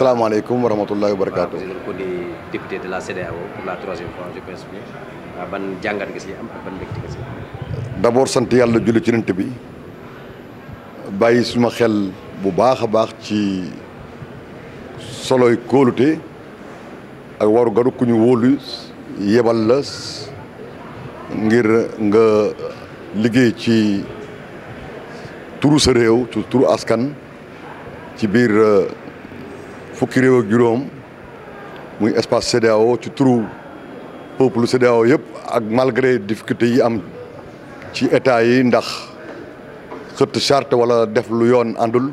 salaamaaleykum wa rahmatullahi wa barakaatu. waaw président di député de la CEDEAO pour la troisième fois je pense ban jàngat nga si am ak ban mbégte nga si am. d' abord sant yàlla julli ci nant bi bàyyi suma xel bu baax baax ci soloy kóolute ak waru garu ku ñu yebal iya la ngir nga liggéey ci turu sa réew turu askan ci biir. fukki réew ak juróom muy espace CEDEAO ci turu peuple CEDEAO yëpp ak malgré difficulté yi am ci état yi ndax xëtt charte wala def lu yoon àndul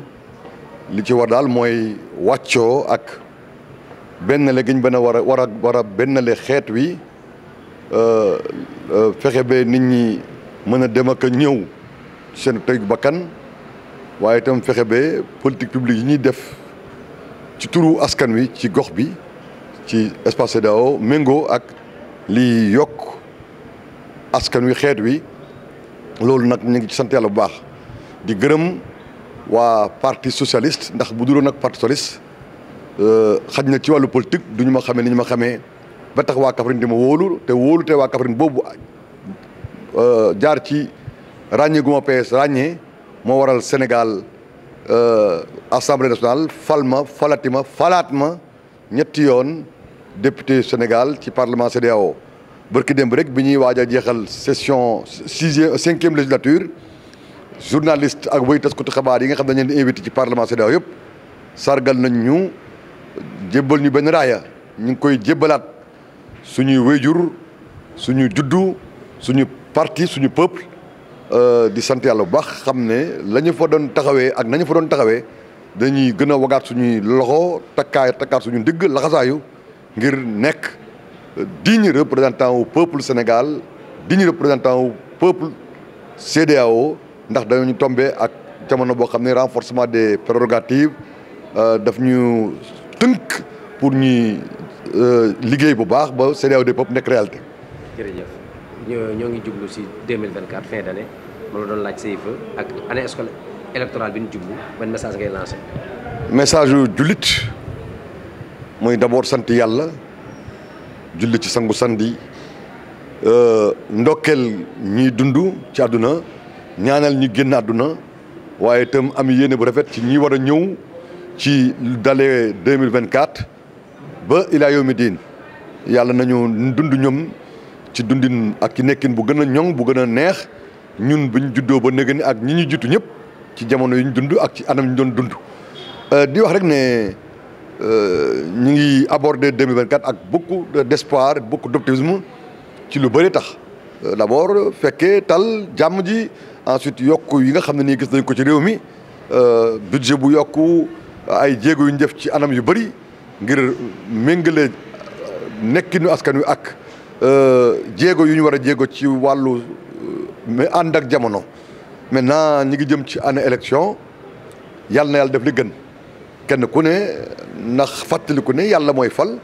li ci war daal mooy wàccoo ak benn le giñ benn war war a benn le xeet wi euh, euh, fexe ba nit ñi mën a dem ak ñëw seen tey bakkan waaye itam fexe ba politique publique yi ñuy def ci turu askan wi ci gox bi ci espace CEDEAO méngoo ak li yokk askan wi xeet wi loolu nag ñu ngi ci sant yàlla bu baax di gërëm waa parti socialiste ndax bu duloon nag parti socialiste euh, xaj na ci wàllu politique du ñu ma xamee ni ñu ma xamee ba tax waa Kaffrine di ma wóolu te wóolu te waa Kaffrine boobu euh, jaar ci ràññee gu ma PS ràññee moo waral Sénégal Euh, assemblée nationale fal ma falati ma falaat ma ñetti yoon député Sénégal ci parlement CEDEAO bërki démb rek bi ñuy waaj a jeexal session sixième cinquième législature journaliste ak ko te xabaar yi nga xam ne dañu leen invité ci parlement CEDEAO yëpp sargal nañ ñu jébbal ñu benn raaya ñu ngi koy jébbalaat suñuy wéyjur suñu juddu suñu parti suñu peuple Euh, di sant yàlla bu baax xam ne la ñu fa doon taxawee ak nañu fa doon taxawee dañuy gën a wagaat suñuy loxo takkaay takkaat suñu ndigg laxasaayu ngir nekk digne représentant wu peuple Sénégal digne représentant wu peuple CEDEAO ndax dañu tombe ak jamono boo xam ne renforcement des prérogatives euh, daf ñu tënk pour ñuy euh, liggéey bu baax ba CEDEAO des peuples nekk réalité. ñoo ngi jublu si 2024 fin d' année ma la doon laaj CFEE ak année scolaire électorale bi ñu jublu ban message ngay lancé. message yu jullit mooy d' abord sant yàlla julli ci sangu sandi euh, ndokkeel ñiy dund ci àdduna ñaanal ñi génn àdduna waaye itam am yéene bu rafet ci ñi war a ñëw ci dalee 2024 ba ilaa yawmi diin yàlla nañu dund ñoom. ci dundin ak ci nekkin bu gën a ñoŋ bu gën a neex ñun bu ñu juddoo ba nëgëni ak ñi ñu jiitu ñëpp ci jamono yu ñu dund ak ci anam ñu doon dund. Euh, di wax rek ne euh, ñu ngi aborder 2024 ak beaucoup d'espoir beaucoup d'optimisme ci lu bëri tax euh, d'abord fekkee tal jàmm ji ensuite yokk yi nga xam ne nii gis nañ ko ci réew mi budget bu yokk ay jéego yu ñu def ci anam yu bëri ngir méngale nekkinu askan wi ak. Euh, jéego yu ñu war a jéego ci wàllu euh, mais ànd ak jamono maintenant ñi ngi jëm ci année élection yàlla na yàlla def li gën kenn ku ne ndax fàttaliku ne yàlla mooy fal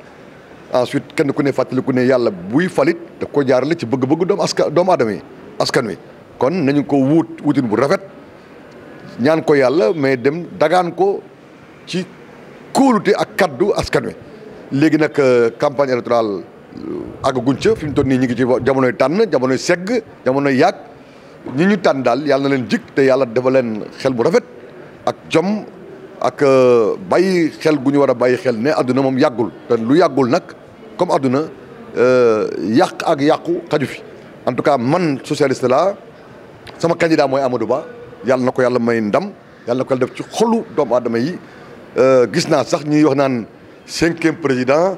ensuite kenn ku ne fàttaliku ne yàlla buy falit daf ko jaarale ci bëgg-bëgg doom askan doomu aadama yi askan wi kon nañu ko wuut wutin bu rafet ñaan ko yàlla mais dem dagaan ko ci kóolute ak kaddu askan wi léegi nag euh, campagne électorale àggaguñ ca fi mu toll nii ñu ngi ci jamonoy tànn jamonoy segg jamonoy yàgg ñii ñu tànn daal yàlla leen jik te yàlla dafa leen xel bu rafet ak jom ak euh, bàyyi xel gu ñu war a bàyyi xel ne àdduna moom yàggul te lu yàggul nag comme àdduna euh, yàq ak yàqu xaju fi en tout cas man socialiste laa sama candidat mooy Amadou Ba yàlla na ko yàlla may ndam yàlla ko yàlla def ci xolu doomu aadama yi euh, gis naa sax ñuy wax naan cinquième président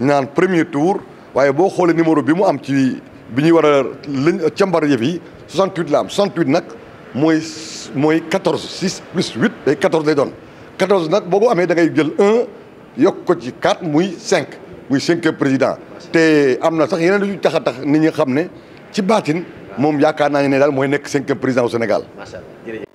naan premier tour waye bo xolé numéro bi mu am ci bi wara war a yi 68 la am 68 nak moy moy 14 6 plus 8 day 14 day doon 14 nak bogo amé da ngay jël 1 yok ko ci 4 muy 5 muy e président té amna sax yeneen lu taxa tax nit ñi xam ne ci baatin moom yaakaar naa ne daal 5 nekk président au Sénégal. allah